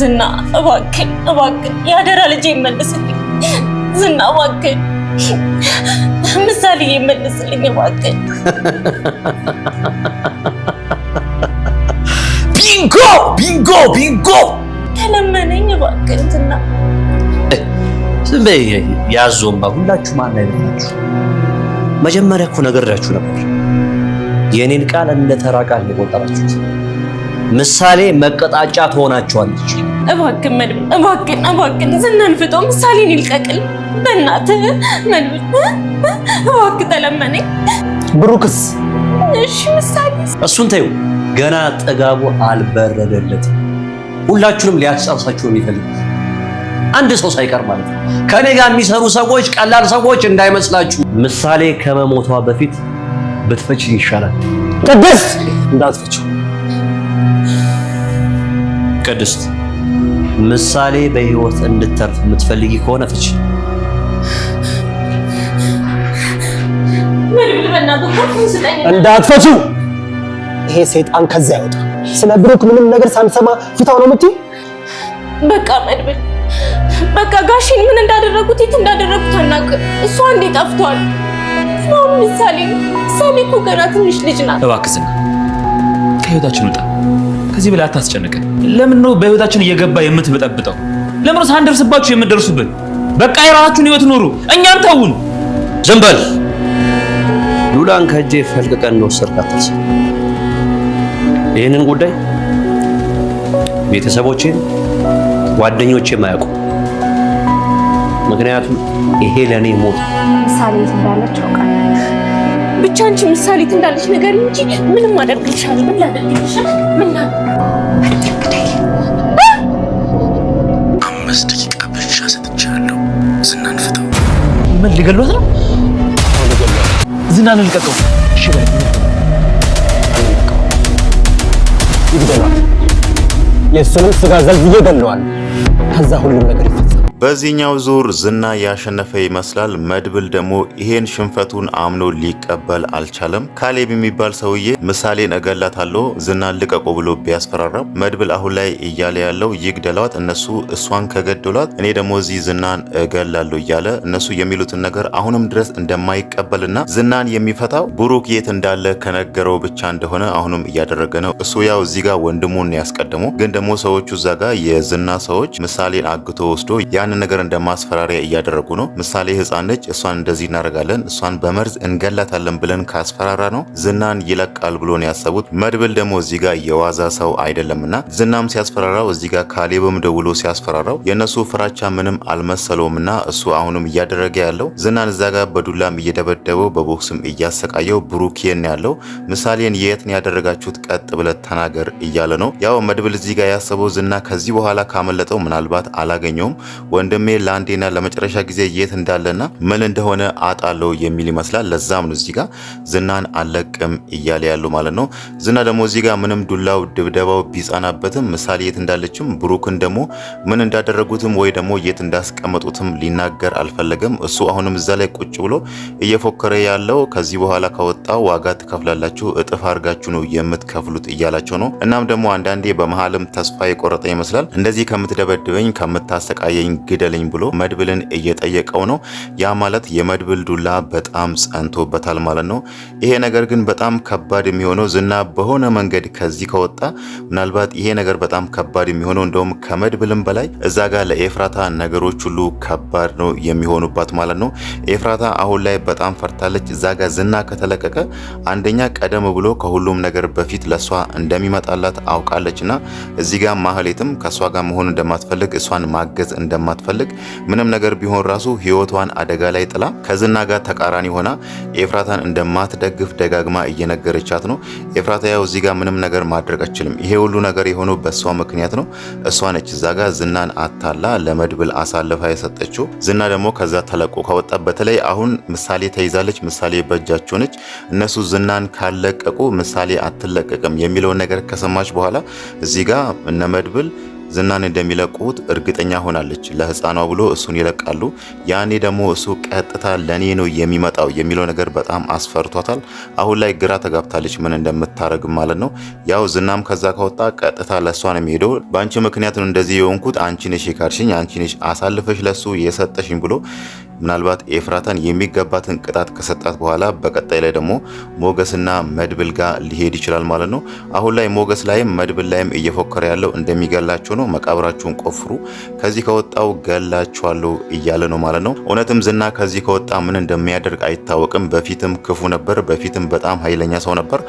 ዝና እባክህ እባክህ የአደራ ልጅ ይመልስልኝ። ዝና እባክህ ምሳሌ ይመልስልኝ እባክህ። ቢንጎ ቢንጎ ቢንጎ ተለመነኝ እባክህ ዝና። ዝም በይ ያዞምባ። ሁላችሁም አንድ አይነት ናችሁ። መጀመሪያ እኮ ነግሬያችሁ ነበር። የእኔን ቃል እንደ ተራ ቃል የቆጠራችሁት ምሳሌ መቀጣጫ ትሆናችኋለች። እባክን መድብል፣ እባክን እባክን፣ ዝናን ፍጦ ምሳሌን ይልቀቅል። በእናትህ መድብል እባክህ ተለመነኝ። ብሩክስ? እሺ ምሳሌ፣ እሱን ተይው፣ ገና ጥጋቡ አልበረደለት ሁላችሁንም ሊያጫውሳችሁ የሚፈልግ አንድ ሰው ሳይቀር ማለት ነው። ከኔ ጋር የሚሰሩ ሰዎች ቀላል ሰዎች እንዳይመስላችሁ። ምሳሌ ከመሞቷ በፊት ብትፈች ይሻላል። ቅድስት እንዳትፈችው ቅድስት ምሳሌ በህይወት እንድተርፍ የምትፈልጊ ከሆነ ፍች። እንዳትፈቹ ይሄ ሰይጣን ከዛ ያወጣ። ስለ ብሩክ ምንም ነገር ሳንሰማ ፊታው ነው የምትይው? በቃ መድብል፣ በቃ ጋሽን ምን እንዳደረጉት የት እንዳደረጉት አናውቅም። እሱ አንዴ ጠፍቷል። አሁን ምሳሌ እኮ ገና ትንሽ ልጅ ናት። እባክህ ከህይወታችን ውጣ። ከዚህ በላይ አታስጨንቅን። ለምን ነው በህይወታችን እየገባ የምትበጠብጠው? ለምን ነው ሳንደርስባችሁ የምትደርሱብን? በቃ የራሳችሁን ህይወት ኑሩ፣ እኛን ተውን። ዝም በል ሉላን ከእጄ ፈልቅቀን ነው ሰርካት። ይህንን ጉዳይ ቤተሰቦቼን ጓደኞቼም አያውቁም። ምክንያቱም ይሄ ለእኔ ሞት ምሳሌ እንዳለች አውቃለሁ። ብቻ አንቺ ምሳሌ እንዳለች ነገር እንጂ ምንም አደርግልሻለሁ ምን ላደርግልሻል? ላደርግልሻል? ምን አምስት ደቂቃ ብቻ ሰጥቻለሁ። ዝናን ፍታው። ምን ሊገሏት ነው? ዝናን ልቀቀው። እሺ ይግደሏት። የእሱንም ስጋ ዘልዝዬ ገለዋል። ከዛ ሁሉም ነገር ይፈ በዚህኛው ዙር ዝና ያሸነፈ ይመስላል። መድብል ደግሞ ይሄን ሽንፈቱን አምኖ ሊቀበል አልቻለም። ካሌብ የሚባል ሰውዬ ምሳሌን እገላታለሁ ዝና ልቀቁ ብሎ ቢያስፈራራም መድብል አሁን ላይ እያለ ያለው ይግደሏት፣ እነሱ እሷን ከገደሏት እኔ ደግሞ እዚህ ዝናን እገላለሁ እያለ እነሱ የሚሉትን ነገር አሁንም ድረስ እንደማይቀበልና ዝናን የሚፈታው ብሩክ የት እንዳለ ከነገረው ብቻ እንደሆነ አሁንም እያደረገ ነው። እሱ ያው እዚህ ጋር ወንድሙን ያስቀደመው፣ ግን ደግሞ ሰዎቹ እዛ ጋር የዝና ሰዎች ምሳሌን አግቶ ወስዶ ያንን ነገር እንደ ማስፈራሪያ እያደረጉ ነው። ምሳሌ ህፃን ነች፣ እሷን እንደዚህ እናደርጋለን፣ እሷን በመርዝ እንገላታለን ብለን ካስፈራራ ነው ዝናን ይለቃል ብሎ ነው ያሰቡት። መድብል ደግሞ እዚህ ጋር የዋዛ ሰው አይደለምና ዝናም ሲያስፈራራው እዚህ ጋር ካሌብም ደውሎ ሲያስፈራራው የእነሱ ፍራቻ ምንም አልመሰለውምና እሱ አሁንም እያደረገ ያለው ዝናን እዛ ጋር በዱላም እየደበደበው በቦክስም እያሰቃየው ብሩኬን ያለው ምሳሌን የት ያደረጋችሁት? ቀጥ ብለት ተናገር እያለ ነው። ያው መድብል እዚህ ጋር ያሰበው ዝና ከዚህ በኋላ ካመለጠው ምናልባት አላገኘውም ወንድሜ ለአንዴና ለመጨረሻ ጊዜ የት እንዳለና ምን እንደሆነ አጣለው የሚል ይመስላል። ለዛም ነው እዚጋ ዝናን አለቅም እያለ ያሉ ማለት ነው። ዝና ደግሞ እዚጋ ምንም ዱላው ድብደባው ቢጻናበትም ምሳሌ የት እንዳለችም ብሩክን ደግሞ ምን እንዳደረጉትም ወይ ደግሞ የት እንዳስቀመጡትም ሊናገር አልፈለገም። እሱ አሁንም እዛ ላይ ቁጭ ብሎ እየፎከረ ያለው ከዚህ በኋላ ከወጣ ዋጋ ትከፍላላችሁ፣ እጥፍ አድርጋችሁ ነው የምትከፍሉት እያላቸው ነው። እናም ደግሞ አንዳንዴ በመሀልም ተስፋ የቆረጠ ይመስላል። እንደዚህ ከምትደበድበኝ ከምታሰቃየኝ ግደለኝ ብሎ መድብልን እየጠየቀው ነው። ያ ማለት የመድብል ዱላ በጣም ጸንቶበታል ማለት ነው። ይሄ ነገር ግን በጣም ከባድ የሚሆነው ዝና በሆነ መንገድ ከዚህ ከወጣ ምናልባት ይሄ ነገር በጣም ከባድ የሚሆነው እንደውም ከመድብልም በላይ እዛ ጋር ለኤፍራታ ነገሮች ሁሉ ከባድ ነው የሚሆኑባት ማለት ነው። ኤፍራታ አሁን ላይ በጣም ፈርታለች። እዛ ጋር ዝና ከተለቀቀ አንደኛ ቀደም ብሎ ከሁሉም ነገር በፊት ለእሷ እንደሚመጣላት አውቃለች እና እዚህ ጋር ማህሌትም ከእሷ ጋር መሆን እንደማትፈልግ እሷን ማገዝ እንደማ ስለማትፈልግ ምንም ነገር ቢሆን ራሱ ህይወቷን አደጋ ላይ ጥላ ከዝና ጋር ተቃራኒ ሆና ኤፍራታን እንደማትደግፍ ደጋግማ እየነገረቻት ነው። ኤፍራታ ያው እዚህ ጋር ምንም ነገር ማድረግ አችልም። ይሄ ሁሉ ነገር የሆነው በእሷ ምክንያት ነው። እሷ ነች እዛ ጋር ዝናን አታላ ለመድብል አሳልፋ የሰጠችው። ዝና ደግሞ ከዛ ተለቆ ከወጣ በተለይ አሁን ምሳሌ ተይዛለች፣ ምሳሌ በእጃቸው ነች። እነሱ ዝናን ካለቀቁ ምሳሌ አትለቀቅም የሚለውን ነገር ከሰማች በኋላ እዚህ ጋር እነ መድብል ዝናን እንደሚለቁት እርግጠኛ ሆናለች። ለህፃኗ ብሎ እሱን ይለቃሉ። ያኔ ደግሞ እሱ ቀጥታ ለኔ ነው የሚመጣው የሚለው ነገር በጣም አስፈርቷታል። አሁን ላይ ግራ ተጋብታለች፣ ምን እንደምታደርግ ማለት ነው። ያው ዝናም ከዛ ከወጣ ቀጥታ ለእሷ ነው የሚሄደው። በአንቺ ምክንያት ነው እንደዚህ የሆንኩት፣ አንቺ ነሽ የካድሽኝ፣ አንቺ ነሽ አሳልፈሽ ለሱ የሰጠሽኝ ብሎ ምናልባት ኤፍራታን የሚገባትን ቅጣት ከሰጣት በኋላ በቀጣይ ላይ ደግሞ ሞገስና መድብል ጋር ሊሄድ ይችላል ማለት ነው። አሁን ላይ ሞገስ ላይም መድብል ላይም እየፎከረ ያለው እንደሚገላቸው ነው። መቃብራችሁን ቆፍሩ፣ ከዚህ ከወጣው ገላችኋለሁ እያለ ነው ማለት ነው። እውነትም ዝና ከዚህ ከወጣ ምን እንደሚያደርግ አይታወቅም። በፊትም ክፉ ነበር፣ በፊትም በጣም ኃይለኛ ሰው ነበር።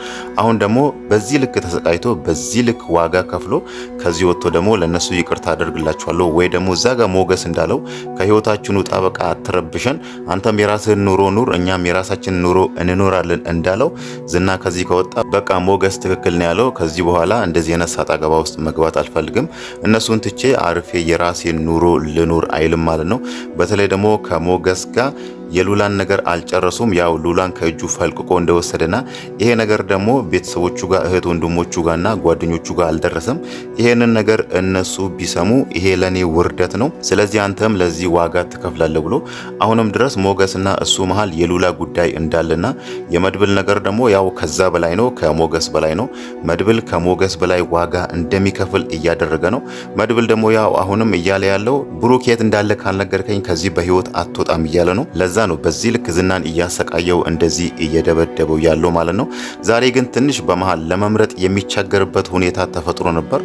አሁን ደግሞ በዚህ ልክ ተሰቃይቶ በዚህ ልክ ዋጋ ከፍሎ ከዚህ ወጥቶ ደግሞ ለእነሱ ይቅርታ አደርግላችኋለሁ ወይ ደግሞ እዛ ጋር ሞገስ እንዳለው ከህይወታችን ውጣ በቃ እንዳትረብሸን፣ አንተም የራስህን ኑሮ ኑር፣ እኛም የራሳችን ኑሮ እንኖራለን እንዳለው ዝና ከዚህ ከወጣ በቃ ሞገስ ትክክል ነው ያለው። ከዚህ በኋላ እንደዚህ አይነት ሰጣ ገባ ውስጥ መግባት አልፈልግም፣ እነሱን ትቼ አርፌ የራሴን ኑሮ ልኑር አይልም ማለት ነው። በተለይ ደግሞ ከሞገስ ጋር የሉላን ነገር አልጨረሱም። ያው ሉላን ከእጁ ፈልቅቆ እንደወሰደና ይሄ ነገር ደግሞ ቤተሰቦቹ ጋር እህት ወንድሞቹ ጋርና ጓደኞቹ ጋር አልደረሰም። ይሄንን ነገር እነሱ ቢሰሙ ይሄ ለኔ ውርደት ነው፣ ስለዚህ አንተም ለዚህ ዋጋ ትከፍላለህ ብሎ አሁንም ድረስ ሞገስና እሱ መሀል የሉላ ጉዳይ እንዳለና የመድብል ነገር ደግሞ ያው ከዛ በላይ ነው፣ ከሞገስ በላይ ነው። መድብል ከሞገስ በላይ ዋጋ እንደሚከፍል እያደረገ ነው። መድብል ደግሞ ያው አሁንም እያለ ያለው ብሩኬት እንዳለ ካልነገርከኝ ከዚህ በህይወት አትወጣም እያለ ነው ለዛ ለዛ ነው በዚህ ልክ ዝናን እያሰቃየው እንደዚህ እየደበደበው ያለው ማለት ነው። ዛሬ ግን ትንሽ በመሃል ለመምረጥ የሚቸገርበት ሁኔታ ተፈጥሮ ነበር።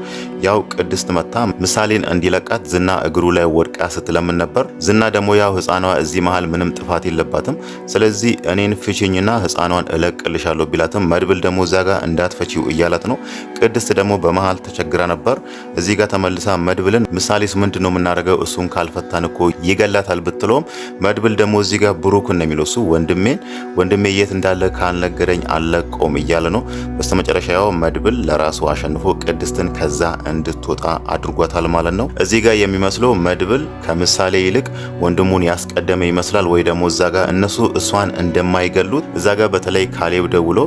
ያው ቅድስት መታ ምሳሌን እንዲለቃት ዝና እግሩ ላይ ወድቃ ስትለምን ነበር። ዝና ደግሞ ያው ህፃኗ እዚህ መሀል ምንም ጥፋት የለባትም፣ ስለዚህ እኔን ፍቺኝና ህፃኗን እለቅልሻለሁ ቢላትም መድብል ደግሞ እዛ ጋር እንዳትፈቺው እያላት ነው። ቅድስት ደግሞ በመሃል ተቸግራ ነበር። እዚህ ጋር ተመልሳ መድብልን ምሳሌስ ምንድነው የምናደርገው እሱን ካልፈታን እኮ ይገላታል ብትለውም መድብል ደግሞ እዚህ ጋር ብሩክ እንደሚለው እሱ ወንድሜን ወንድሜ የት እንዳለ ካልነገረኝ አለቀውም እያለ ነው። በስተመጨረሻ ያው መድብል ለራሱ አሸንፎ ቅድስትን ከዛ እንድትወጣ አድርጓታል ማለት ነው። እዚህ ጋር የሚመስለው መድብል ከምሳሌ ይልቅ ወንድሙን ያስቀደመ ይመስላል ወይ ደግሞ እዛ ጋር እነሱ እሷን እንደማይገሉት እዛ ጋር በተለይ ካሌብ ደውሎ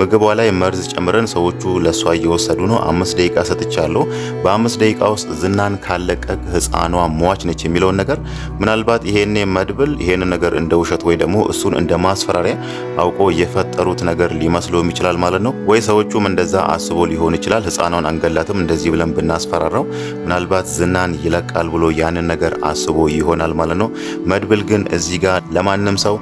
ምግቧ ላይ መርዝ ጨምረን ሰዎቹ ለእሷ እየወሰዱ ነው። አምስት ደቂቃ ሰጥቻለሁ። በአምስት ደቂቃ ውስጥ ዝናን ካለቀ ህፃኗ ሟች ነች የሚለውን ነገር ምናልባት ይሄኔ መድብል ይሄን ነገር እንደ ውሸት ወይ ደግሞ እሱን እንደ ማስፈራሪያ አውቆ እየፈታ የፈጠሩት ነገር ሊመስለውም ይችላል ማለት ነው። ወይ ሰዎቹም እንደዛ አስቦ ሊሆን ይችላል። ህፃኗን አንገላትም እንደዚህ ብለን ብናስፈራራው ምናልባት ዝናን ይለቃል ብሎ ያንን ነገር አስቦ ይሆናል ማለት ነው። መድብል ግን እዚህ ጋር ለማንም ሰው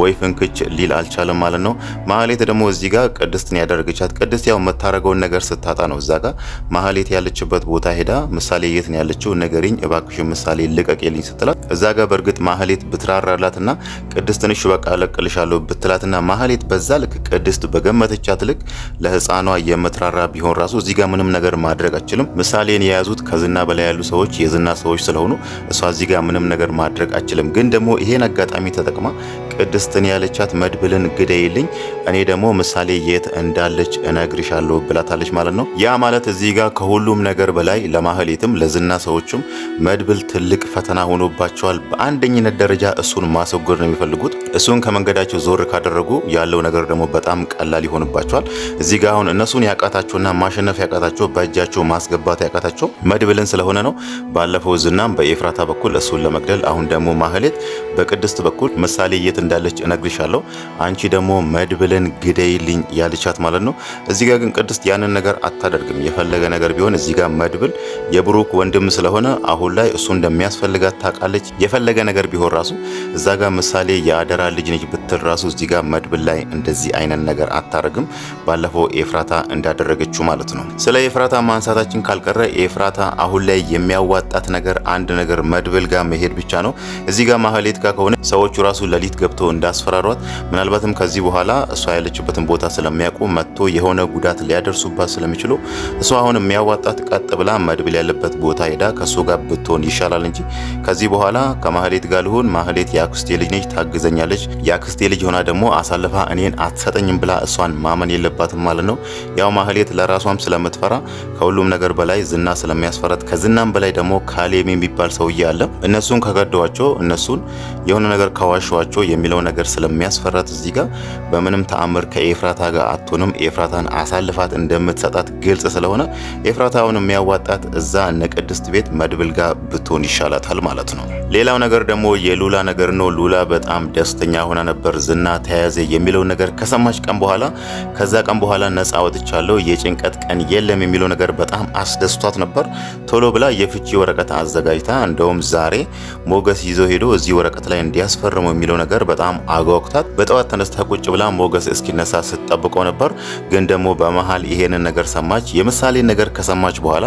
ወይ ፍንክች ሊል አልቻለም ማለት ነው። ማህሌት ደግሞ እዚህ ጋር ቅድስትን ያደረገቻት ቅድስት ያው የምታደርገውን ነገር ስታጣ ነው እዛ ጋር ማህሌት ያለችበት ቦታ ሄዳ ምሳሌ የት ነው ያለችው ንገሪኝ እባክሽ ምሳሌ ልቀቅልኝ ስትላት እዛ ጋር በእርግጥ ማህሌት ብትራራላትና ቅድስትን እሺ በቃ እለቅልሻለሁ ብትላትና ማህሌት በዛ ልክ ቅድስት በገመተቻት ልክ ለህፃኗ የምትራራ ቢሆን ራሱ እዚህ ጋር ምንም ነገር ማድረግ አችልም። ምሳሌን የያዙት ከዝና በላይ ያሉ ሰዎች የዝና ሰዎች ስለሆኑ እሷ እዚህ ጋር ምንም ነገር ማድረግ አችልም። ግን ደግሞ ይሄን አጋጣሚ ተጠቅማ ቅድስትን ያለቻት መድብልን ግደይልኝ፣ እኔ ደግሞ ምሳሌ የት እንዳለች እነግርሻለሁ ብላታለች ማለት ነው። ያ ማለት እዚህ ጋር ከሁሉም ነገር በላይ ለማህሌትም ለዝና ሰዎችም መድብል ትልቅ ፈተና ሆኖባቸዋል። በአንደኝነት ደረጃ እሱን ማስወገድ ነው የሚፈልጉት። እሱን ከመንገዳቸው ዞር ካደረጉ ያለው ነገር ደግሞ በጣም ቀላል ይሆንባቸዋል። እዚህ ጋር አሁን እነሱን ያቃታቸውና ማሸነፍ ያቃታቸው በእጃቸው ማስገባት ያቃታቸው መድብልን ስለሆነ ነው። ባለፈው ዝናም በኤፍራታ በኩል እሱን ለመግደል አሁን ደግሞ ማህሌት በቅድስት በኩል ምሳሌ የት እንዳለች እነግርሻለሁ፣ አንቺ ደግሞ መድብልን ግደይልኝ ያልቻት ማለት ነው። እዚህ ጋር ግን ቅድስት ያንን ነገር አታደርግም። የፈለገ ነገር ቢሆን እዚህ ጋር መድብል የብሩክ ወንድም ስለሆነ አሁን ላይ እሱ እንደሚያስፈልጋት ታውቃለች። የፈለገ ነገር ቢሆን ራሱ እዛ ጋር ምሳሌ የአደራ ልጅ ነች ብትል ራሱ እዚህ ጋር መድብል ላይ እንደዚህ እንደዚህ አይነት ነገር አታደርግም። ባለፈው ኤፍራታ እንዳደረገችው ማለት ነው። ስለ ኤፍራታ ማንሳታችን ካልቀረ ኤፍራታ አሁን ላይ የሚያዋጣት ነገር አንድ ነገር መድብል ጋር መሄድ ብቻ ነው። እዚህ ጋር ማህሌት ጋር ከሆነ ሰዎቹ ራሱ ለሊት ገብቶ እንዳስፈራሯት ምናልባትም ከዚህ በኋላ እሷ ያለችበትን ቦታ ስለሚያውቁ መጥቶ የሆነ ጉዳት ሊያደርሱባት ስለሚችሉ እሷ አሁን የሚያዋጣት ቀጥ ብላ መድብል ያለበት ቦታ ሄዳ ከእሱ ጋር ብትሆን ይሻላል እንጂ ከዚህ በኋላ ከማህሌት ጋር ልሁን፣ ማህሌት የአክስቴ ልጅ ነች ታግዘኛለች፣ የአክስቴ ልጅ ሆና ደግሞ አሳልፋ እኔን አትሰጠኝም ብላ እሷን ማመን የለባትም ማለት ነው። ያው ማህሌት ለራሷም ስለምትፈራ ከሁሉም ነገር በላይ ዝና ስለሚያስፈራት ከዝናም በላይ ደግሞ ካሌም የሚባል ሰውዬ አለ። እነሱን ከገደዋቸው እነሱን የሆነ ነገር ከዋሸዋቸው የሚለው ነገር ስለሚያስፈራት እዚህ ጋር በምንም ተአምር ከኤፍራታ ጋር አትሆንም። ኤፍራታን አሳልፋት እንደምትሰጣት ግልጽ ስለሆነ ኤፍራታውን የሚያዋጣት እዛ እነ ቅድስት ቤት መድብል ጋር ብትሆን ይሻላታል ማለት ነው። ሌላው ነገር ደግሞ የሉላ ነገር ነው። ሉላ በጣም ደስተኛ ሆና ነበር ዝና ተያያዘ የሚለው ነገር ከሰማች ቀን በኋላ ከዛ ቀን በኋላ ነፃ ወጥቻለሁ፣ የጭንቀት ቀን የለም የሚለው ነገር በጣም አስደስቷት ነበር። ቶሎ ብላ የፍቺ ወረቀት አዘጋጅታ እንደውም ዛሬ ሞገስ ይዞ ሄዶ እዚህ ወረቀት ላይ እንዲያስፈርመው የሚለው ነገር በጣም አጓጉታት በጠዋት ተነስታ ቁጭ ብላ ሞገስ እስኪነሳ ስትጠብቀው ነበር። ግን ደግሞ በመሀል ይሄንን ነገር ሰማች። የምሳሌ ነገር ከሰማች በኋላ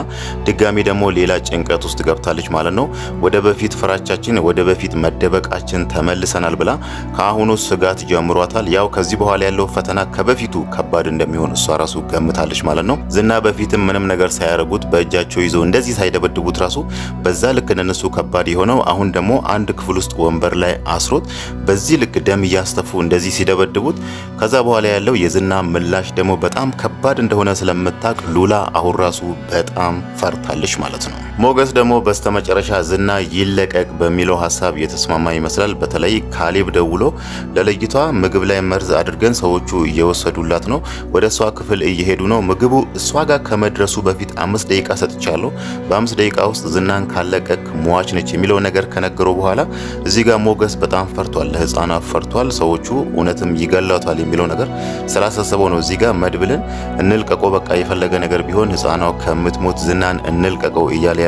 ድጋሚ ደግሞ ሌላ ጭንቀት ውስጥ ገብታለች ማለት ነው። ወደ በፊት ፍራቻችን፣ ወደ በፊት መደበቃችን ተመልሰናል ብላ ከአሁኑ ስጋት ጀምሯታል። ያው ከዚህ በኋላ ያለው ፈተና ከበፊቱ ከባድ እንደሚሆን እሷ ራሱ ገምታለች ማለት ነው። ዝና በፊትም ምንም ነገር ሳያደርጉት በእጃቸው ይዘው እንደዚህ ሳይደበድቡት ራሱ በዛ ልክ እንደነሱ ከባድ የሆነው አሁን ደግሞ አንድ ክፍል ውስጥ ወንበር ላይ አስሮት በዚህ ልክ ደም እያስተፉ እንደዚህ ሲደበድቡት ከዛ በኋላ ያለው የዝና ምላሽ ደግሞ በጣም ከባድ እንደሆነ ስለምታቅ ሉላ አሁን ራሱ በጣም ፈርታለች ማለት ነው። ሞገስ ደግሞ በስተመጨረሻ ዝና ይለቀቅ በሚለው ሀሳብ የተስማማ ይመስላል። በተለይ ካሌብ ደውሎ ለልጅቷ ምግብ ላይ መርዝ አድርገን ሰዎቹ እየወሰዱላት ነው፣ ወደ እሷ ክፍል እየሄዱ ነው። ምግቡ እሷ ጋር ከመድረሱ በፊት አምስት ደቂቃ ሰጥቻለሁ። በአምስት ደቂቃ ውስጥ ዝናን ካለቀቅ ሟች ነች የሚለው ነገር ከነገረው በኋላ እዚህ ጋር ሞገስ በጣም ፈርቷል። ለህፃኗ ፈርቷል። ሰዎቹ እውነትም ይገላቷል የሚለው ነገር ስላሳሰበው ነው። እዚህ ጋር መድብልን እንልቀቆ፣ በቃ የፈለገ ነገር ቢሆን ህፃናው ከምትሞት ዝናን እንልቀቀው እያለ